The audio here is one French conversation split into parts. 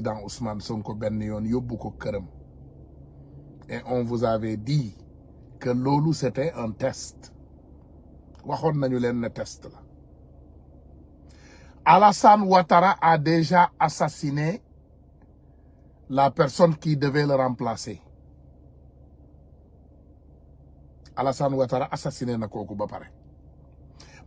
Dans Ousmane Sonko benn yoon beaucoup et on vous avait dit que l'eau-lou c'était un test Waxon nañu len un test Alassane Ouattara a déjà assassiné la personne qui devait le remplacer Alassane Ouattara a assassiné na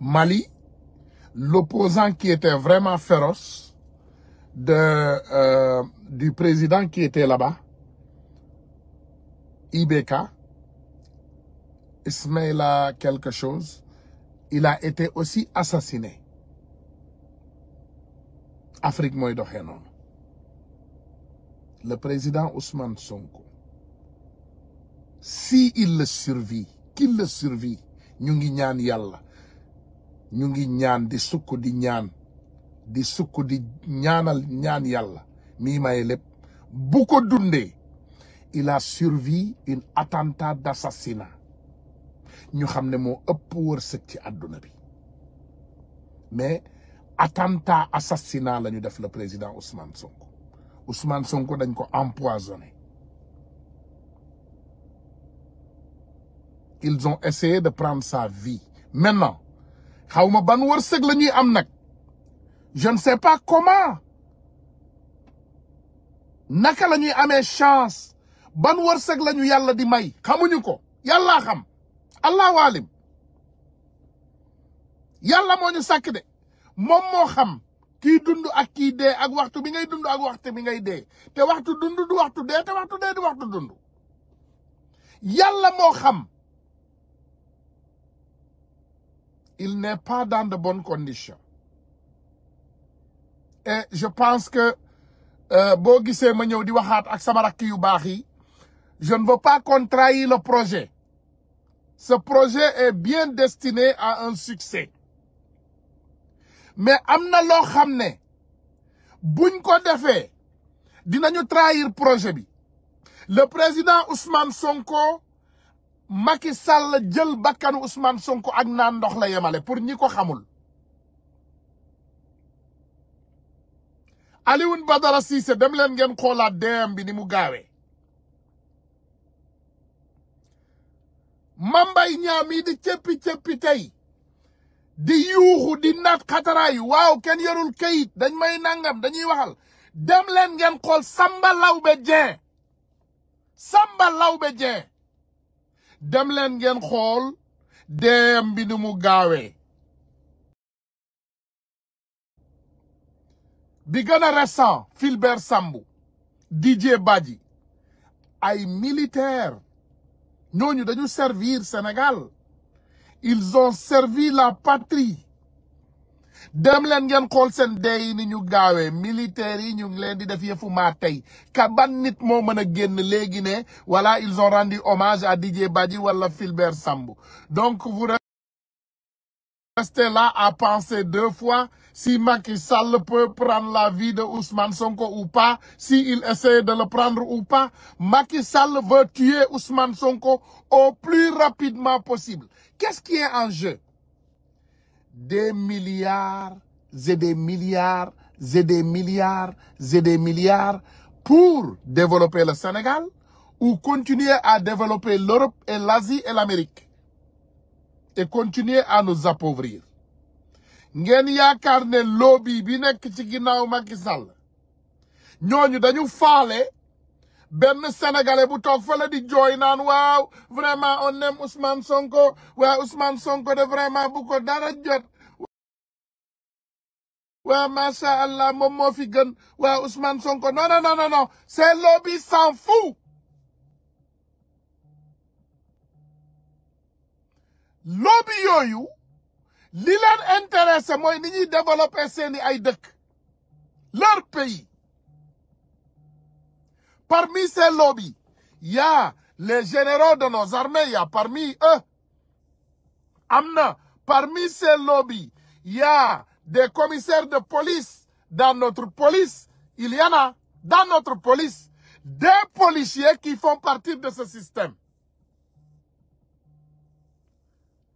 Mali l'opposant qui était vraiment féroce de, euh, du président qui était là-bas, Ibeka, Ismaila quelque chose, il a été aussi assassiné. Afrique ne le président Ousmane Sonko si il le survit qu'il le survit ñu ngi nous, nous, di sukku di ñaanal ñaan yalla mi maye il a survécu une attentat d'assassinat ñu xamné mo moo ëpp wërsëg ci aduna bi mais attentat assassinat nous def le président Ousmane Sonko Ousmane Sonko dañ ko empoisonné ils ont essayé de prendre sa vie maintenant xawma ban wërsëg lañuy am nak je ne sais pas comment naka la ñuy chance ban wërsek la yalla di may xamuñu ko Yalla xam Allah walim. Yalla moñu sak sàkk de moom moo xam ki dundu ak ki dé ak waxtu bi ngay ak waxtu bi ngay te waxtu dundu du waxtu dé te waxtu dé du waxtu Yalla yalla mo xam il n'est pas dans de bonnes conditions et eh, je pense que euh, ma je ne veux pas qu'on le projet ce projet est bien destiné à un succès mais amna lo xamné buñ ko défé dinañu trahir projet bi le président Ousmane Sonko Macky Sall jël bakkan Ousmane Sonko ak naan ndox la pour ñi ko xamul Aliun Badara Cissé dem call ngeen xoolaat dem bi ni mu gaawee mambay ñaam di cëppi cëppi tei. di yuhu di nat xataraayu waaw ken yorul kayit dañ may nangam dañuy waxal dem leen ngeen call Samba Lawbe Dieng Samba Lawbe Dieng dem leen ngeen xool dem bi mu Bigana filbert récent Philbert Sambou DJ Badji ay militaires nous dañu servir Sénégal ils ont servi la patrie dem leen ngeen sen seen Ils ni ñu gawé militaires yi ñu ngi leen di def nit mo meuna genn légui né voilà ils ont rendu hommage à DJ Badji wala Filbert Sambou donc vous restez là à penser deux fois si Macky Sall peut prendre la vie de Ousmane Sonko ou pas, s'il il essaie de le prendre ou pas. Macky Sall veut tuer Ousmane Sonko au plus rapidement possible. Qu'est-ce qui est en jeu Des milliards et des milliards et des milliards et des milliards pour développer le Sénégal ou continuer à développer l'Europe et l'Asie et l'Amérique et continuer à nous appauvrir. ngeen yaakaar ne lobby bi nekk ci ginnaaw Macky ñooñu dañu faale benn sénégalais bu toog fa di jooy naan waaw vraiment on aime Ousmane Sonko waa Ousmane Sonko de vraiment bu ko dara jot waa macha allah moom fi gën waa Ousmane Sonko non non non non c'est lobby s'en yooyu li intéressé mooy ni leur pays parmi ces lobbies il y a les généraux de nos armées il y a parmi eux Amna. parmi ces lobbies il y a des commissaires de police dans notre police il y en a dans notre police des policiers qui font partie de ce système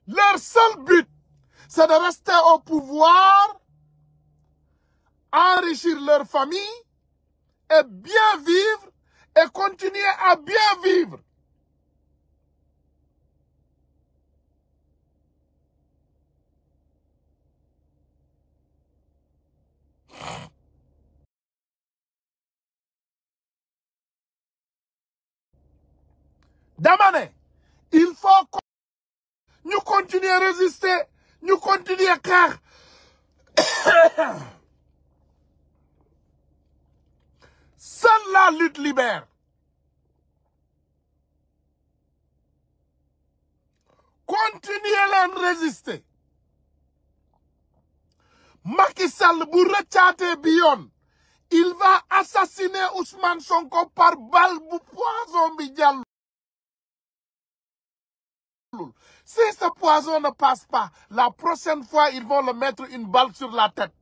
leur seul but c'est de rester au pouvoir, enrichir leur famille et bien vivre et continuer à bien vivre. Damane, il faut nous continuer à résister car seule la lutte libère continuez à résister Macky Sall pour il va assassiner Ousmane Sonko par balle pour poison bi si ce poison ne passe pas, la prochaine fois, ils vont le mettre une balle sur la tête.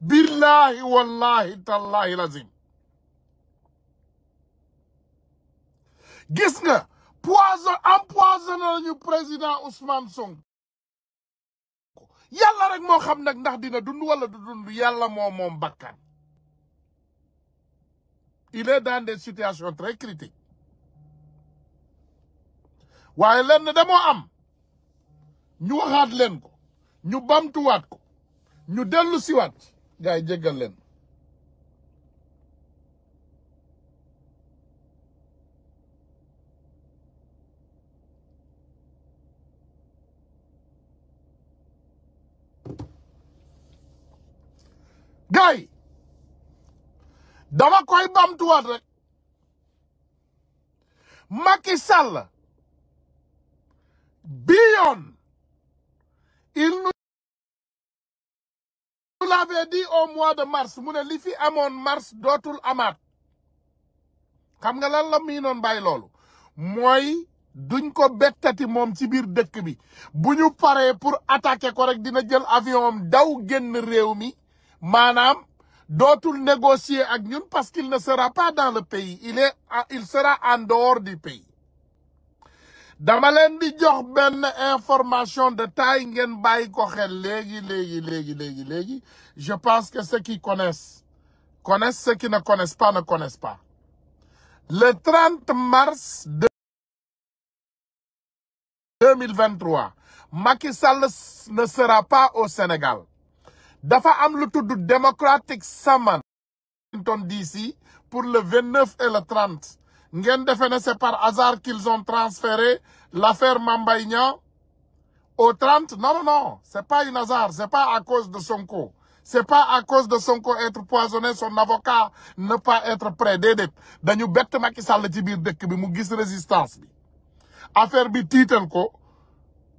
Billahi wallahi tallahi lazim. gis nga poison empoisonne le président Ousmane Song. Yalla rek mo xam nak ndax dina dund wala dund Yalla mo mom il est dans des situations très critiques waaye leen lenn damoo am ñu waxaat leen ko ñu bamtuwaat ko ñu dellu siwaat gars yi jéggal leen gars yi dama koy bamtuwaat rek Macky Sall Beyond. Il nous l'avait dit au mois de mars mu lifi au mars dotul amat. Kamga nga lan la minon bay duñ ko bettati mom ci bir dekk bi pour attaquer ko dina jël avion daw génn négocier ak parce qu'il ne sera pas dans le pays il est il sera en dehors du pays dans ma di jox ben information de taille ngeen ko xel je pense que ceux qui connaissent connaissent ceux qui ne connaissent pas ne connaissent pas le 30 mars 2023 Macky Sall ne sera pas au Sénégal dafa am lu tudd Democratic Summit Washington pour le 29 et le 30 c'est par hasard qu'ils ont transféré l'affaire Mambaïna au 30 non non non c'est pas un hasard c'est pas à cause de son Sonko c'est pas à cause de son Sonko être poisonné son avocat ne pas être prêt déedéet résistance affaire bi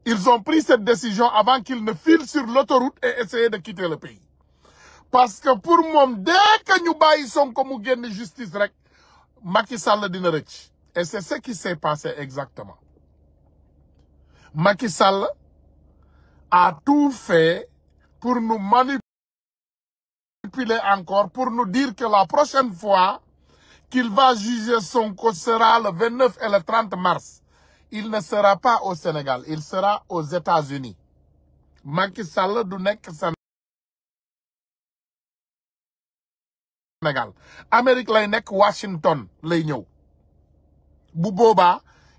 ils ont pris cette décision avant qu'ils ne filent sur l'autoroute et essayer de quitter le pays parce que pour moi, dès que nous bàyyi Sonko mu justice Macky Sall et c'est ce qui s'est passé exactement Macky Sall a tout fait pour nous manipuler encore pour nous dire que la prochaine fois qu'il va juger son cause sera le 29 et le 30 mars il ne sera pas au Sénégal il sera aux États-Unis Macky Sall du Amérique lay nek Washington lay ñew. bu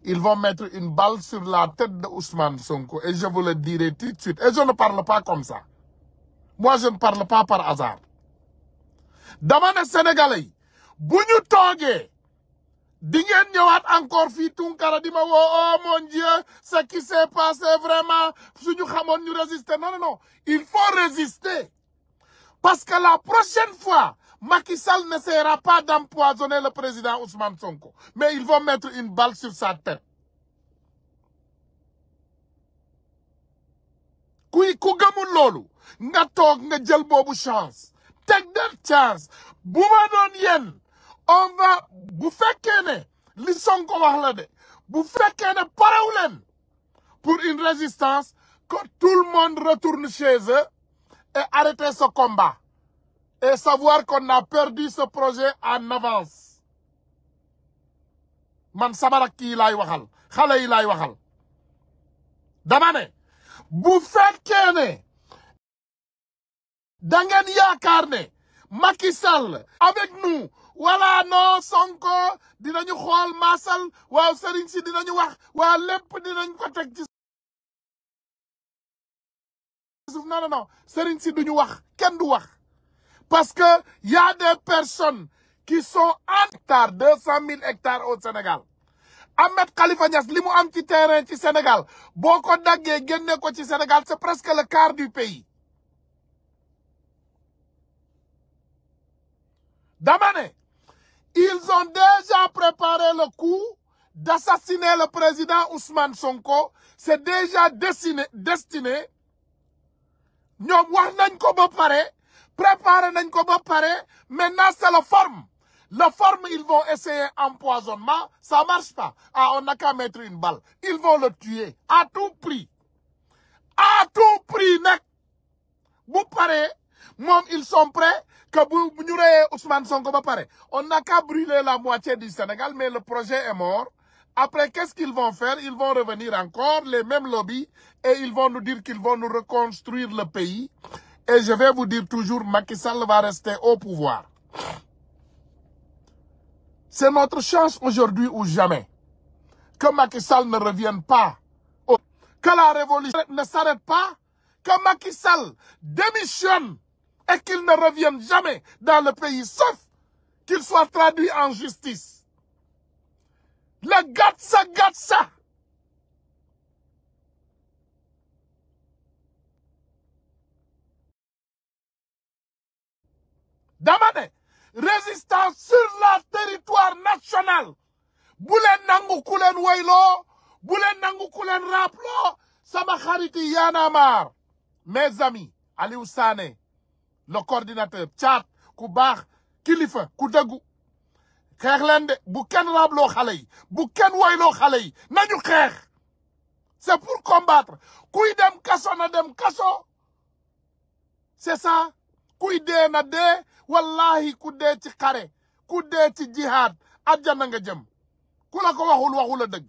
ils vont mettre une balle sur la tête de Ousmane Sonko et je vous le dirai tout de suite et je ne parle pas comme ça moi je ne parle pas par hasard dama ne Sénégalais bu ñu togué di encore fit Tunkara di ma oh mon Dieu ce qui s'est passé vraiment suñu xamone ñu résister non non non il faut résister parce que la prochaine fois Macky Sall n'essaiera pas d'empoisonner le président Ousmane Sonko. Mais ils vont mettre une balle sur sa tête. Koui Kougamou Lolo na nga n'a nga chance Tek de chance bu ma on va bouffer Kene, ne li Sonko wax la de pour une résistance que tout le monde retourne chez eux et arrête ce combat et savoir qu'on a perdu ce projet en avance man sama rakk yi lay waxal xale yi laay waxal dama avec nous voilà non Sonko dinañu xool masal, waaw Serigne si dinañu wax wa lépp dinañ ci non non non Serigne si wax kenn du parce qu'il y a des personnes qui sont en hectare, 200 000 hectares au Sénégal. Ahmed Khalifa Niass li am terrain au Sénégal le Sénégal c'est presque le quart du pays Damane, ils ont déjà préparé le coup d'assassiner le président Ousmane Sonko c'est déjà destiné destiné avons wax « nañ ko ba maintenant c'est la forme la forme ils vont essayer empoisonnement ça marche pas ah on n'a qu'à mettre une balle ils vont le tuer à tout prix à tout prix Vous bu parlez. ils sont prêts que bu ñu Ousmane Sonko on n'a qu'à brûler la moitié du Sénégal mais le projet est mort Après, qu'est-ce qu'ils vont faire? Ils vont revenir encore, les mêmes lobbies, et ils vont nous dire qu'ils vont nous reconstruire le pays. Et je vais vous dire toujours, Macky Sall va rester au pouvoir. C'est notre chance aujourd'hui ou jamais que Macky Sall ne revienne pas, que la révolution ne s'arrête pas, que Macky Sall démissionne et qu'il ne revienne jamais dans le pays, sauf qu'il soit traduit en justice. Le Gatsa ça. dama résistance sur la territoire national bu nangou koulen ku boulen nangou bu raplo sama mes amis Aliou sane le coordinateur caat ku bax kilifa ku deggu xeex de bu ken raplo c'est pour combattre kuy dem kaso na dem kaso c'est ça kuy dee na dee wallahi ku dee ci xare ku dee ci jihaad àjjana nga jëm ku la ko waxul waxu la dëgg